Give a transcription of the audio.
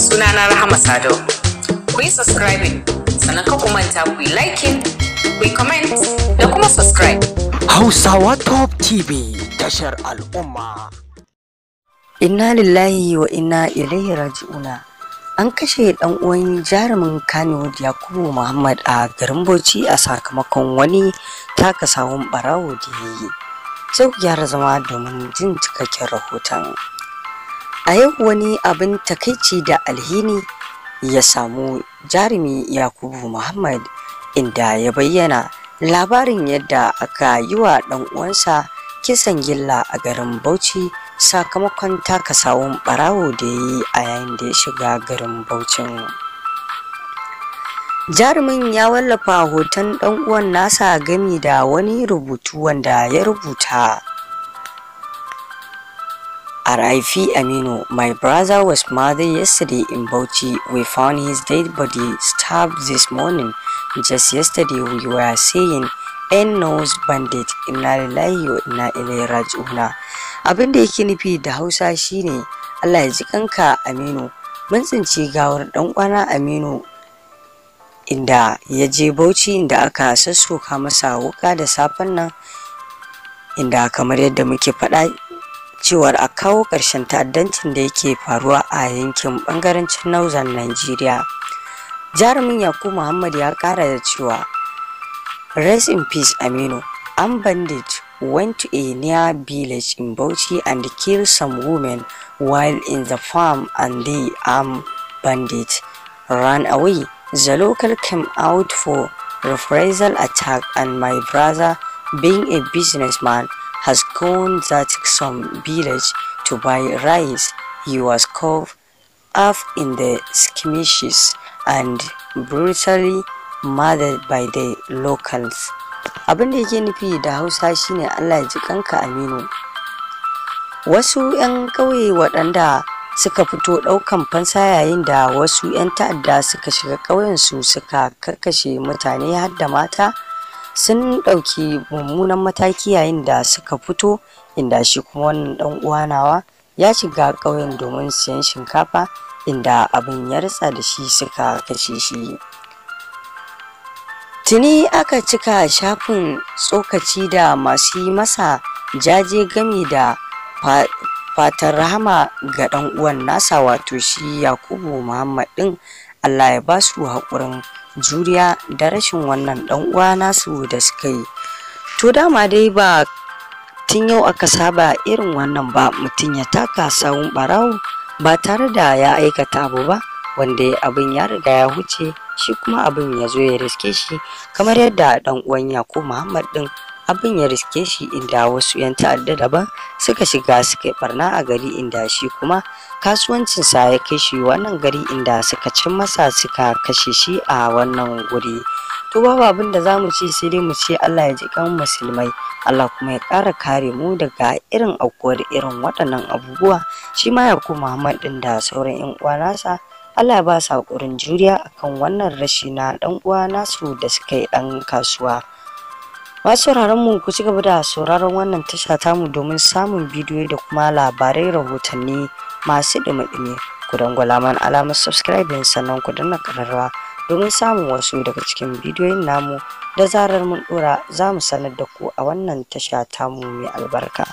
sunana Rahama Sadau. Ku yi subscribing, sannan ka kumanta ku yi liking, ku yi comment da kuma subscribe. Hausawa Top TV tashar al'umma. Inna lillahi wa inna ilaihi raji'una. An kashe dan uwan jarumin Kano Yakubu Muhammad a garin Bauchi a sakamakon wani taka sawun barawo da yayi. Sai gyara zama domin jin cikakken rahoton. a yau wani abin takaici da alhini ya samu jarumi yakubu muhammad inda ya bayyana labarin yadda aka yi wa ɗan uwansa kisan gilla a garin bauchi sakamakon taka sawun barawo da ya yi a yayin da ya shiga garin bauchin jarumin ya wallafa hoton ɗan uwan nasa gami da wani rubutu wanda ya rubuta R.I.P. Aminu, my brother was murdered yesterday in Bauchi. We found his dead body stabbed this morning. Just yesterday we were saying 'N nose bandit in lillahi wa inna Abin da yake nufi da Hausa shine Allah ya ji kanka Aminu. Mun tsinci gawar dan kwana Aminu inda ya je Bauchi inda aka sassoka masa wuka da safen nan inda kamar yadda muke faɗa cewar a kawo ƙarshen ta'addancin da yake faruwa a yankin ɓangarancin nauzan Najeriya. Jarumin Yaku Muhammad ya ƙara da cewa Rest in peace Aminu, unbandaged went to a near village in Bauchi and killed some women while in the farm and the armed bandit ran away. The local came out for reprisal attack and my brother being a businessman has gone that some village to buy rice. He was caught up in the skirmishes and brutally murdered by the locals. Abin da yake nufi da Hausa shine Allah ya ji kanka Aminu. Wasu 'yan ƙauye waɗanda suka fito ɗaukan fansa yayin da wasu 'yan ta'adda suka shiga ƙauyensu suka karkashe mutane har da mata. sun ɗauki mummunan mataki yayin da suka fito inda shi kuma wannan ɗan uwa nawa ya shiga ƙauyen domin siyan shinkafa inda abin ya ritsa da shi suka kashe shi tuni aka cika shafin tsokaci da masu yi masa jaje game da fatan rahama ga ɗan uwan nasa wato shi yakubu muhammad ɗin Allah ya ba su haƙurin juriya da rashin wannan ɗan uwa nasu da suka yi to dama dai ba tun yau aka saba irin wannan ba mutum ya taka sawun ɓarawo ba tare da ya aikata abu ba wanda abin ya riga ya huce shi kuma abin ya zo ya riske shi kamar yadda ɗan uwan yakub muhammad ɗin abin ya riske shi inda wasu 'yan ta'adda daban suka shiga suka barna a gari inda shi kuma kasuwancin sa ya kai shi wannan gari inda suka cin masa suka kashe shi a wannan guri to babu abin da za mu ci sai dai mu ce Allah ya ji kan musulmai Allah kuma ya ƙara kare mu daga irin aukuwar irin waɗannan abubuwa shi ma ya kuma Muhammad din da sauran 'yan uwa nasa Allah ya ba sa haƙurin juriya akan wannan rashi na ɗan uwa nasu da suka yi ɗan kasuwa Masu sauraron mu ku ci gaba da sauraron wannan tasha tamu domin samun bidiyo da kuma labarai rahotanni masu da dumi Ku dangwala man alamar subscribing sannan ku danna kararrawa domin samun wasu daga cikin bidiyoyin namu da zarar mun dora za mu sanar da ku a wannan tasha tamu mai albarka.